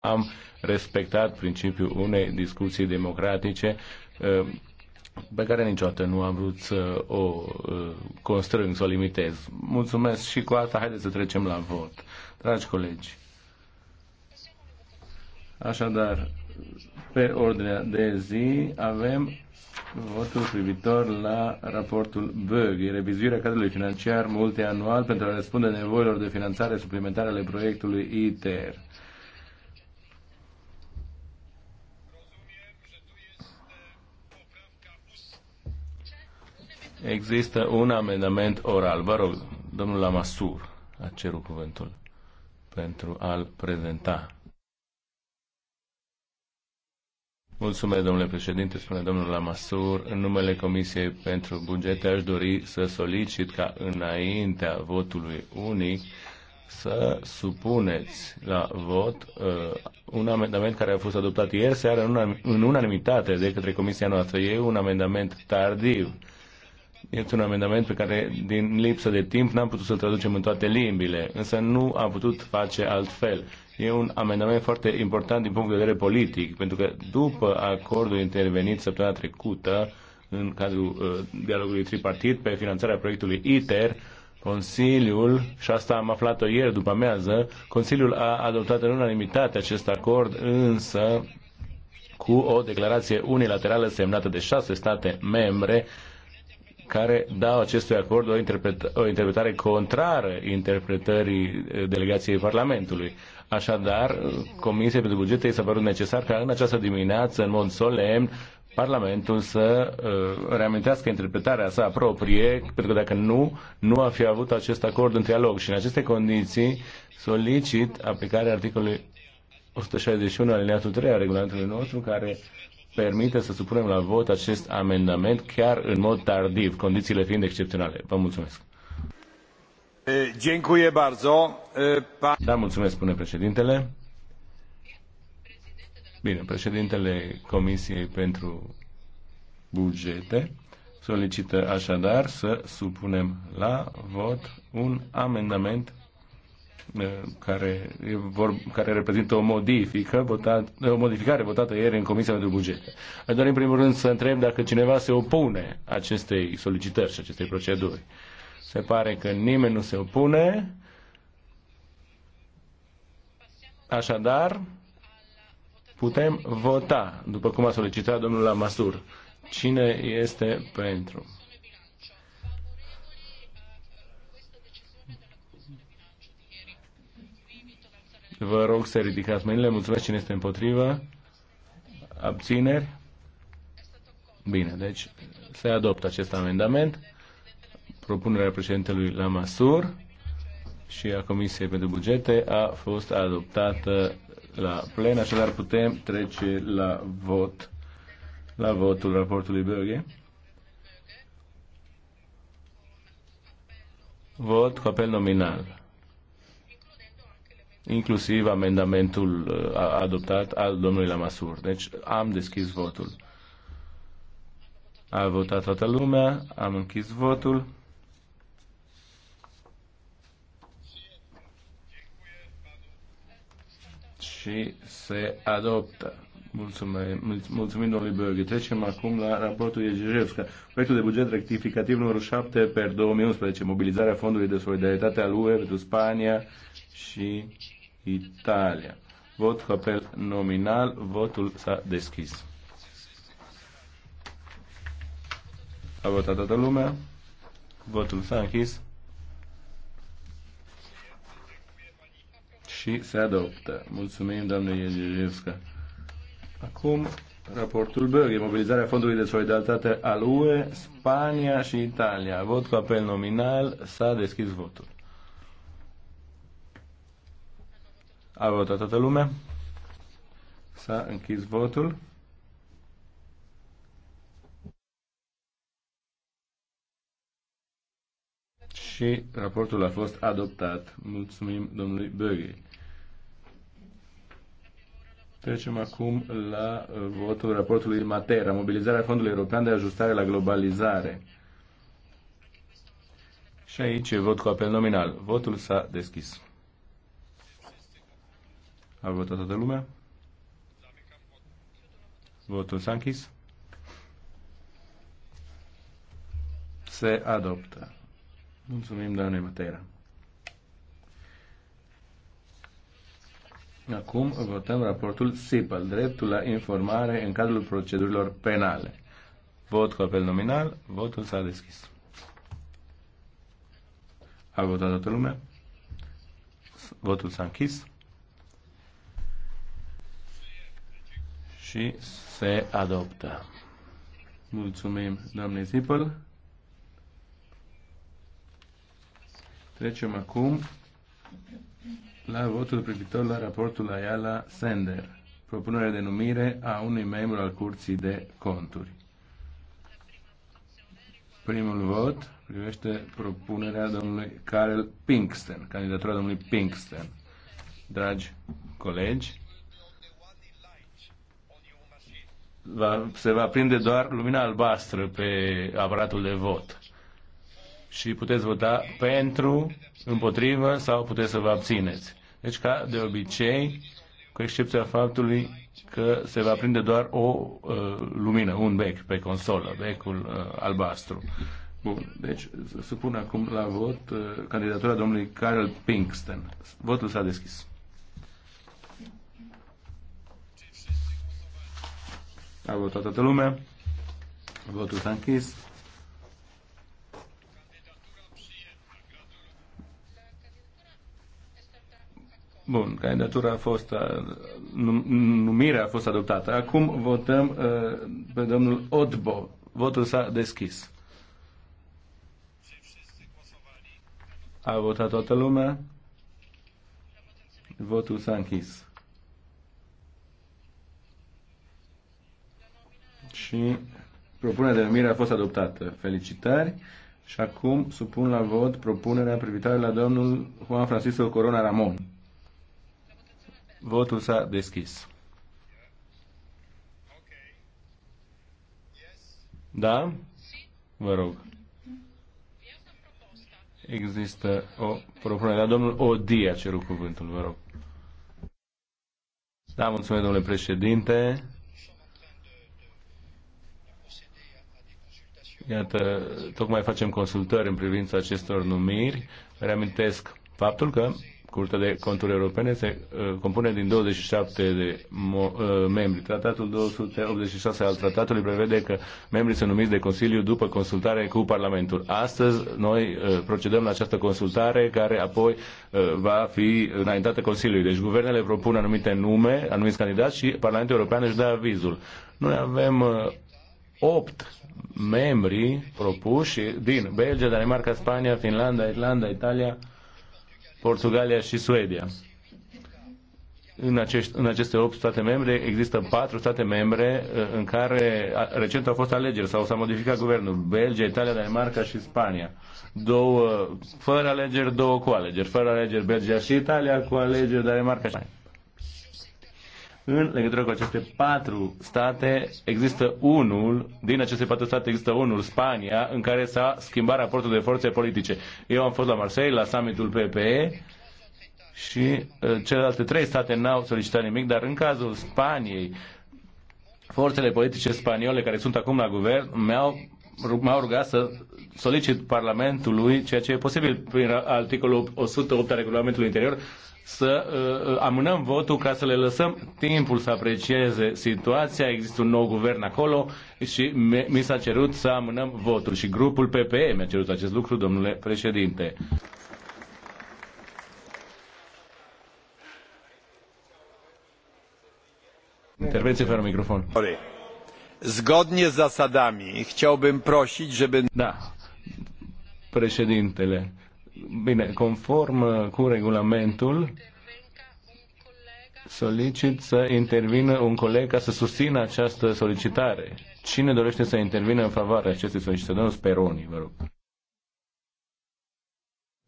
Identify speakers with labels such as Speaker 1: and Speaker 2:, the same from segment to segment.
Speaker 1: am respectat principiul unei discuții democratice uh, pe care niciodată nu am vrut să o uh, constrâng, să o limitez. Mulțumesc și cu asta haideți să trecem la vot. Dragi colegi, așadar, pe ordinea de zi avem votul privitor la raportul BÖG, revizuirea cadrului financiar multianual pentru a răspunde nevoilor de finanțare suplimentare ale proiectului ITER. Există un amendament oral. Vă rog, domnul Lamasur a cerut cuvântul pentru a-l prezenta. Mulțumesc, domnule președinte, spune domnul Lamasur. În numele Comisiei pentru Bugete aș dori să solicit ca înaintea votului unic să supuneți la vot uh, un amendament care a fost adoptat ieri seară în, una, în unanimitate de către Comisia noastră. E un amendament tardiv este un amendament pe care, din lipsă de timp, n-am putut să-l traducem în toate limbile, însă nu a putut face altfel. E un amendament foarte important din punct de vedere politic, pentru că după acordul intervenit săptămâna trecută, în cadrul uh, dialogului tripartit, pe finanțarea proiectului ITER, Consiliul, și asta am aflat-o ieri după amează, Consiliul a adoptat în unanimitate acest acord, însă cu o declarație unilaterală semnată de șase state membre, care dau acestui acord o, interpret- o interpretare contrară interpretării eh, delegației Parlamentului. Așadar, Comisia pentru Bugete este s părut necesar ca în această dimineață, în mod solemn, Parlamentul să uh, reamintească interpretarea sa proprie, pentru că dacă nu, nu a fi avut acest acord în dialog. Și în aceste condiții solicit aplicarea articolului 161 alineatul 3 a regulamentului nostru, care permite să supunem la vot acest amendament chiar în mod tardiv, condițiile fiind excepționale. Vă mulțumesc. Dziękuję bardzo. Da, mulțumesc, spune președintele. Bine, președintele Comisiei pentru Bugete solicită așadar să supunem la vot un amendament Uh, care, vor, care reprezintă o, modifică, votat, o modificare votată ieri în Comisia de Bugete. Aș dori în primul rând să întreb dacă cineva se opune acestei solicitări și acestei proceduri. Se pare că nimeni nu se opune. Așadar, putem vota, după cum a solicitat domnul Lamasur. Cine este pentru? Vă rog să ridicați mâinile. Mulțumesc cine este împotrivă. Abțineri? Bine, deci se adoptă acest amendament. Propunerea președintelui Lamasur și a Comisiei pentru Bugete a fost adoptată la plen, așadar putem trece la vot, la votul raportului Böge. Vot cu apel nominal inclusiv amendamentul uh, adoptat al domnului Lamasur. Deci am deschis votul. A votat toată lumea, am închis votul. Și se adoptă. Mulțumim, mulțumim domnului Bărghi. Trecem acum la raportul Iegirevska. Proiectul de buget rectificativ numărul 7 per 2011, mobilizarea Fondului de Solidaritate al UE pentru Spania și Italia. Vot apel nominal, votul s-a deschis. A votat toată lumea, votul s-a închis și se adoptă. Mulțumim, doamne Iegevska. Acum, raportul Bărghe, mobilizarea Fondului de Solidaritate al UE, Spania și Italia. Vot cu apel nominal, s-a deschis votul. A votat toată lumea? S-a închis votul. Și raportul a fost adoptat. Mulțumim domnului Bögei. Trecem acum la uh, votul raportului Matera, mobilizarea Fondului European de Ajustare la Globalizare. Și aici vot cu apel nominal. Votul s-a deschis. A votat toată lumea? Votul s-a închis. Se adoptă. Mulțumim, doamne Matera. Acum votăm raportul SIPAL, dreptul la informare în cadrul procedurilor penale. Vot cu apel nominal, votul s-a deschis. A votat toată lumea? Votul s-a închis. și se adoptă. Mulțumim, doamne Zipăl. Trecem acum la votul privitor la raportul Ayala Sender, propunerea de numire a unui membru al Curții de Conturi. Primul vot privește propunerea domnului Karel Pinksten, candidatura domnului Pinksten. Dragi colegi, va, se va prinde doar lumina albastră pe aparatul de vot. Și puteți vota pentru, împotrivă sau puteți să vă abțineți. Deci, ca de obicei, cu excepția faptului că se va prinde doar o uh, lumină, un bec pe consolă, becul uh, albastru. Bun, deci supun acum la vot uh, candidatura domnului Carol Pinkston. Votul s-a deschis. A votat toată lumea. Votul s-a închis. Bun, candidatura a fost, numirea a fost adoptată. Acum votăm uh, pe domnul Odbo. Votul s-a deschis. A votat toată lumea. Votul s-a închis. și propunerea de numire a fost adoptată. Felicitări! Și acum supun la vot propunerea privitoare la domnul Juan Francisco Corona Ramon. Votul s-a deschis. Da? Vă rog. Există o propunere. Dar domnul Odi a cerut cuvântul, vă rog. Da, mulțumesc, domnule președinte. Iată, tocmai facem consultări în privința acestor numiri. Reamintesc faptul că Curtea de Conturi Europene se uh, compune din 27 de mo- uh, membri. Tratatul 286 al tratatului prevede că membrii sunt numiți de Consiliu după consultare cu Parlamentul. Astăzi noi uh, procedăm la această consultare care apoi va fi înaintată Consiliului. Deci guvernele propun anumite nume, anumiți candidați și Parlamentul European își dă avizul. Noi avem Opt membri propuși din Belgia, Danemarca, Spania, Finlanda, Irlanda, Italia, Portugalia și Suedia. În, acești, în aceste opt state membre există patru state membre uh, în care recent au fost alegeri sau s-a modificat guvernul. Belgia, Italia, Danemarca și Spania. Două, fără alegeri, două cu alegeri. Fără alegeri Belgia și Italia, cu alegeri Danemarca și Spania. În legătură cu aceste patru state, există unul, din aceste patru state există unul, Spania, în care s-a schimbat raportul de forțe politice. Eu am fost la Marseille, la summitul PPE, și uh, celelalte trei state n-au solicitat nimic, dar în cazul Spaniei, forțele politice spaniole care sunt acum la guvern mi-au m-au rugat să solicit Parlamentului, ceea ce e posibil prin articolul 108 al regulamentului interior, să uh, uh, amânăm votul ca să le lăsăm timpul să aprecieze situația. Există un nou guvern acolo și mi s-a cerut să amânăm votul și grupul PPE mi-a cerut acest lucru, domnule președinte. Intervenție fără microfon. Zgodnie z zasadami chciałbym prosić, żeby... Da, președintele. Bine, conform uh, cu regulamentul, solicit să intervină un coleg ca să susțină această solicitare. Cine dorește să intervină în favoarea acestei solicitări? Domnul Speroni, vă rog.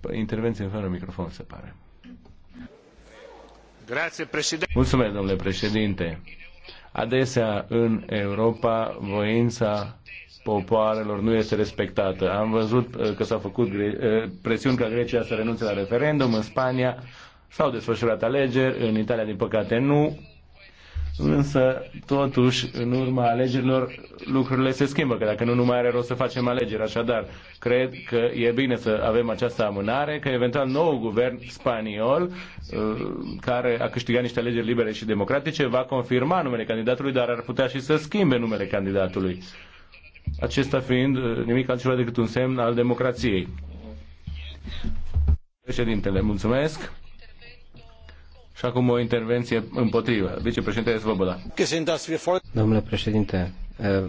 Speaker 1: Păi, intervenție fără microfon, se pare. Grazie, președinte. Mulțumesc, domnule președinte. Adesea, în Europa, voința popoarelor nu este respectată. Am văzut uh, că s-au făcut uh, presiuni ca Grecia să renunțe la referendum, în Spania s-au desfășurat alegeri, în Italia, din păcate, nu. Însă, totuși, în urma alegerilor, lucrurile se schimbă, că dacă nu, nu mai are rost să facem alegeri. Așadar, cred că e bine să avem această amânare, că eventual nou guvern spaniol, uh, care a câștigat niște alegeri libere și democratice, va confirma numele candidatului, dar ar putea și să schimbe numele candidatului. Acesta fiind uh, nimic altceva decât un semn al democrației. Președintele, mulțumesc. Și acum o intervenție împotrivă. Vicepreședinte Svoboda.
Speaker 2: Domnule președinte, eh,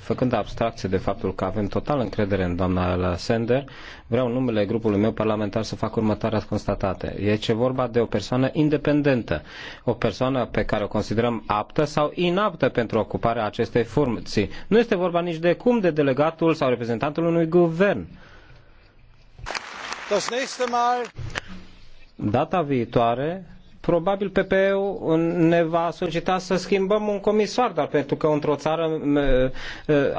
Speaker 2: făcând abstracție de faptul că avem total încredere în doamna Sender, vreau în numele grupului meu parlamentar să fac următoarea constatate. E ce vorba de o persoană independentă, o persoană pe care o considerăm aptă sau inaptă pentru ocuparea acestei funcții. Nu este vorba nici de cum de delegatul sau reprezentantul unui guvern. Data viitoare probabil PPE-ul ne va solicita să schimbăm un comisar, dar pentru că într-o țară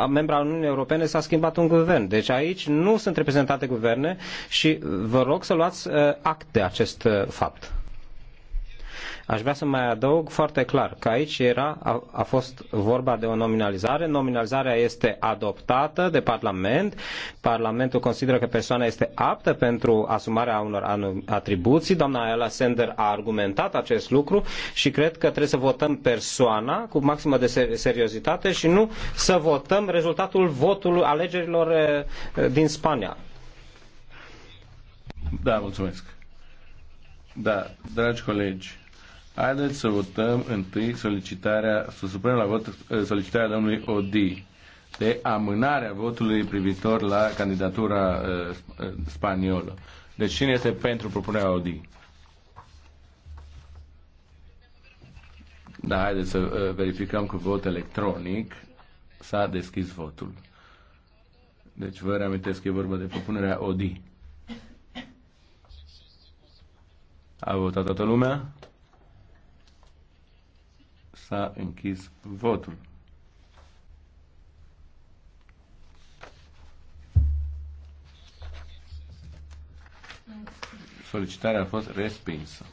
Speaker 2: membra al Uniunii Europene s-a schimbat un guvern. Deci aici nu sunt reprezentate guverne și vă rog să luați act de acest fapt. Aș vrea să mai adaug foarte clar că aici era, a, a fost vorba de o nominalizare. Nominalizarea este adoptată de Parlament. Parlamentul consideră că persoana este aptă pentru asumarea unor atribuții. Doamna Ayala Sender a argumentat acest lucru și cred că trebuie să votăm persoana cu maximă de seriozitate și nu să votăm rezultatul votului alegerilor din Spania.
Speaker 1: Da, mulțumesc. Da, dragi colegi, Haideți să votăm întâi solicitarea, să supunem la vot eh, solicitarea domnului Odi de amânarea votului privitor la candidatura uh, spaniolă. Deci cine este pentru propunerea Odi? Da, haideți să uh, verificăm cu vot electronic. S-a deschis votul. Deci vă reamintesc că e vorba de propunerea Odi. A votat toată lumea? S-a închis votul. Solicitarea a fost respinsă.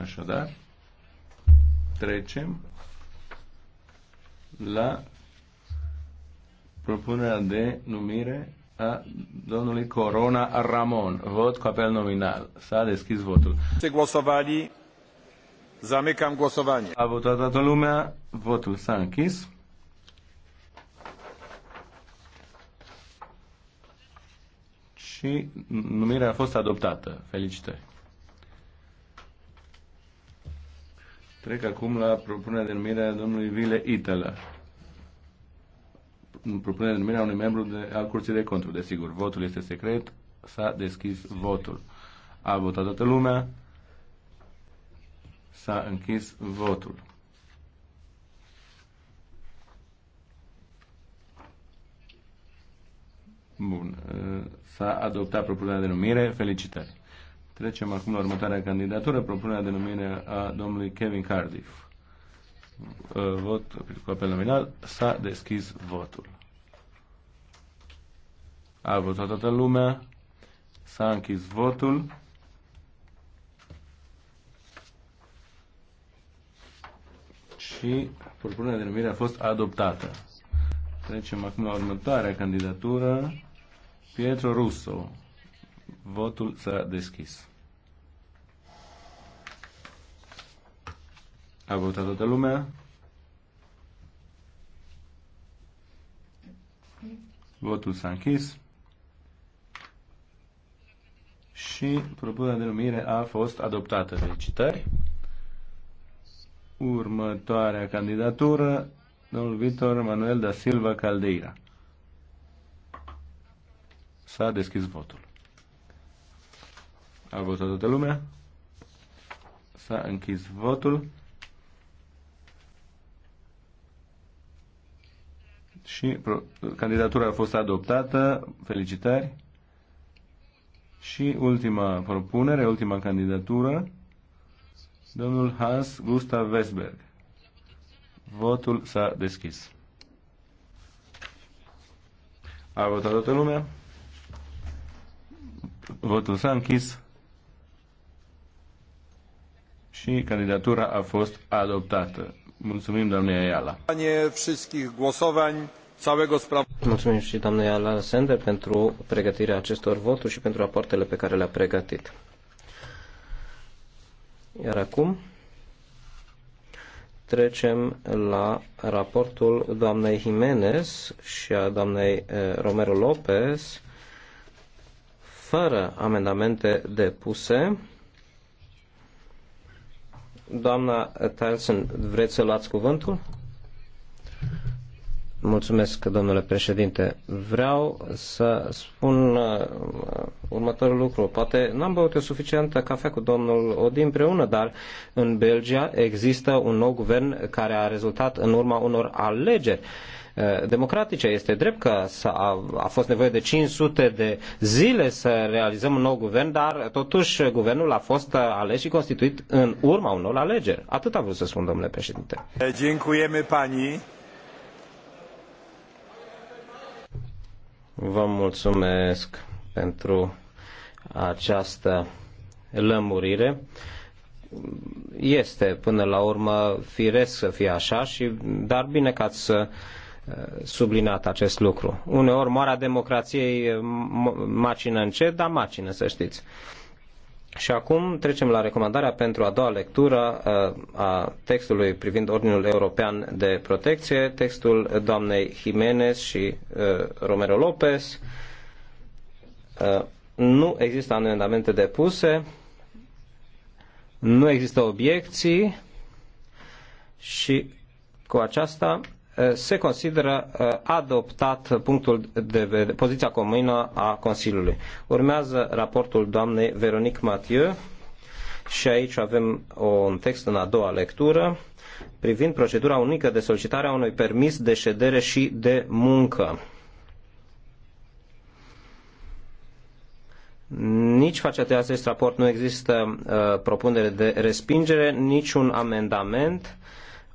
Speaker 1: Așadar, trecem la propunerea de numire a domnului Corona Ramon. Vot cu apel nominal. S-a deschis votul. Se głosowali. Zamykam głosowanie. A votat toată lumea. Votul s-a închis. Și numirea a fost adoptată. Felicitări. Trec acum la propunerea de numire a domnului Vile Itala propunere de numire a unui membru de, al Curții de Conturi. Desigur, votul este secret, s-a deschis votul. A votat toată lumea, s-a închis votul. Bun. S-a adoptat propunerea de numire. Felicitări. Trecem acum la următoarea candidatură, propunerea de numire a domnului Kevin Cardiff. Vot cu apel nominal. S-a deschis votul. A votat toată lumea. S-a închis votul. Și propunerea de numire a fost adoptată. Trecem acum la următoarea candidatură. Pietro Russo. Votul s-a deschis. A votat toată lumea. Votul s-a închis. și propunerea de numire a fost adoptată. Felicitări! Următoarea candidatură, domnul Vitor Manuel da Silva Caldeira. S-a deschis votul. A votat toată lumea? S-a închis votul. Și candidatura a fost adoptată. Felicitări! Și ultima propunere, ultima candidatură, domnul Hans Gustav Westberg. Votul s-a deschis. A votat toată lumea? Votul s-a închis și candidatura a fost
Speaker 2: adoptată. Mulțumim, doamne Ayala. Mulțumim și doamnei Alana Sender pentru pregătirea acestor voturi și pentru rapoartele pe care le-a pregătit. Iar acum trecem la raportul doamnei Jimenez și a doamnei eh, Romero Lopez fără amendamente depuse. Doamna Tyson, vreți să luați cuvântul? Mulțumesc, domnule președinte. Vreau să spun uh, următorul lucru. Poate n-am băut eu suficientă cafea cu domnul Odin împreună, dar în Belgia există un nou guvern care a rezultat în urma unor alegeri uh, democratice. Este drept că a a fost nevoie de 500 de zile să realizăm un nou guvern, dar totuși guvernul a fost uh, ales și constituit în urma unor alegeri. Atât a vrut să spun, domnule președinte.
Speaker 1: Dziękujemy pani.
Speaker 2: Vă mulțumesc pentru această lămurire. Este până la urmă firesc să fie așa, și, dar bine că ați uh, subliniat acest lucru. Uneori moara democrației macină încet, dar macină, să știți. Și acum trecem la recomandarea pentru a doua lectură uh, a textului privind Ordinul European de Protecție, textul doamnei Jimenez și uh, Romero Lopez. Uh, nu există amendamente depuse, nu există obiecții și cu aceasta Eh, se consideră eh, adoptat punctul de vedere, poziția comună a Consiliului. Urmează raportul doamnei Veronique Mathieu și aici avem un text în a doua lectură privind procedura unică de solicitare a unui permis de ședere și de muncă. Nici față de acest raport nu există uh, propunere de respingere, niciun amendament. Uh,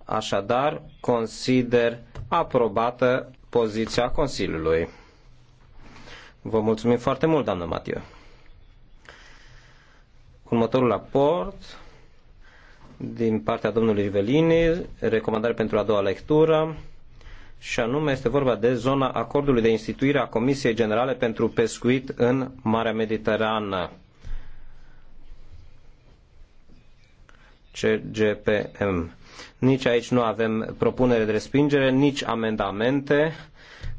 Speaker 2: Așadar, consider aprobată poziția Consiliului. Vă mulțumim foarte mult, doamnă Matiu. Următorul raport din partea domnului Velini, recomandare pentru a doua lectură, și anume este vorba de zona acordului de instituire a Comisiei Generale pentru Pescuit în Marea Mediterană. CGPM. Nici aici nu avem propunere de respingere, nici amendamente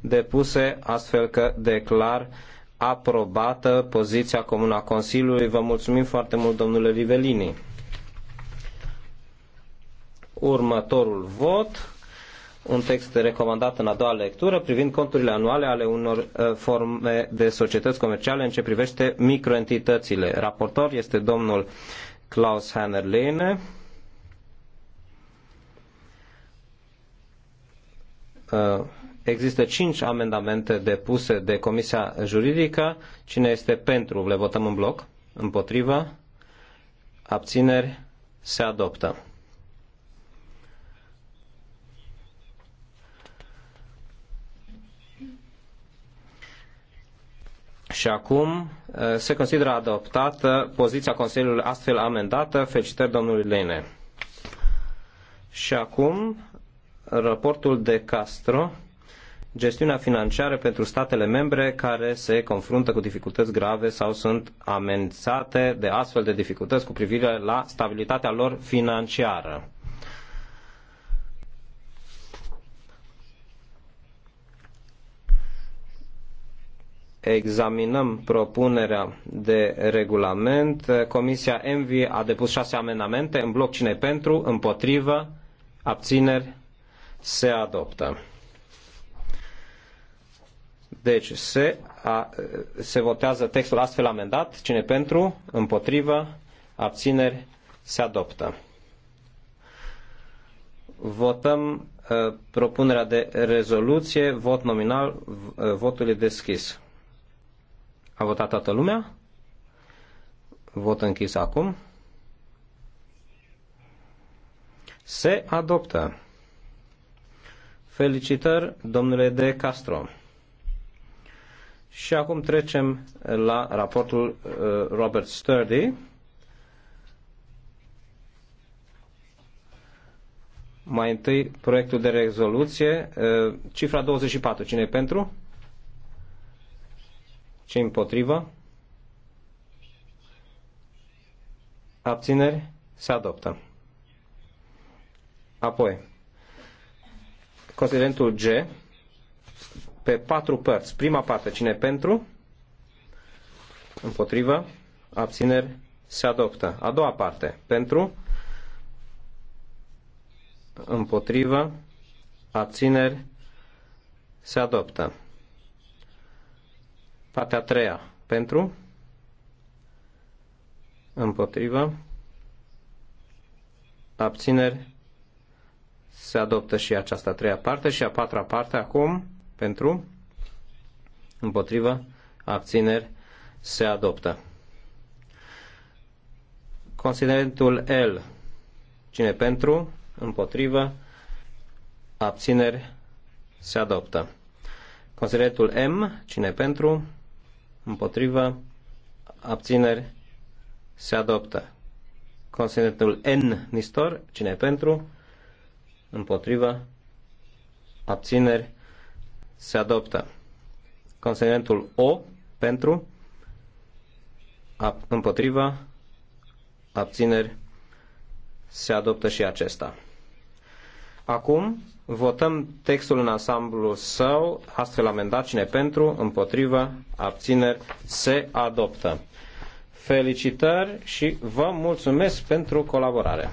Speaker 2: depuse, astfel că declar aprobată poziția comună a Consiliului. Vă mulțumim foarte mult, domnule Rivelini. Următorul vot, un text recomandat în a doua lectură privind conturile anuale ale unor uh, forme de societăți comerciale în ce privește microentitățile. Raportor este domnul Klaus Hannerlein. Uh, există cinci amendamente depuse de Comisia Juridică. Cine este pentru? Le votăm în bloc. Împotrivă, Abțineri? Se adoptă. Și acum uh, se consideră adoptată poziția Consiliului astfel amendată. Felicitări domnului Lene. Și acum raportul de Castro, gestiunea financiară pentru statele membre care se confruntă cu dificultăți grave sau sunt amenințate de astfel de dificultăți cu privire la stabilitatea lor financiară. examinăm propunerea de regulament. Comisia ENVI a depus șase amendamente în bloc cine pentru, împotrivă, abțineri, se adoptă. Deci se, a, se votează textul astfel amendat. Cine pentru, împotrivă, abțineri, se adoptă. Votăm uh, propunerea de rezoluție, vot nominal, uh, votul e deschis. A votat toată lumea? Vot închis acum. Se adoptă. Felicitări, domnule De Castro. Și acum trecem la raportul uh, Robert Sturdy. Mai întâi, proiectul de rezoluție, uh, cifra 24. Cine e pentru? Ce împotrivă? Abțineri? Se adoptă. Apoi, Considerentul G pe patru părți. Prima parte, cine pentru? Împotrivă? Abțineri? Se adoptă. A doua parte, pentru? Împotrivă? Abțineri? Se adoptă. Partea a treia, pentru? Împotrivă? Abțineri? Se adoptă și această a treia parte și a patra parte acum pentru, împotrivă, abțineri, se adoptă. Considerentul L. Cine pentru, împotrivă, abțineri, se adoptă. Considerentul M. Cine pentru, împotrivă, abțineri, se adoptă. Considerentul N. Nistor. Cine pentru, împotriva, abțineri, se adoptă. Consenentul O pentru, ab, împotriva, abțineri, se adoptă și acesta. Acum votăm textul în ansamblu său, astfel amendat cine pentru, împotrivă, abțineri, se adoptă. Felicitări și vă mulțumesc pentru colaborare.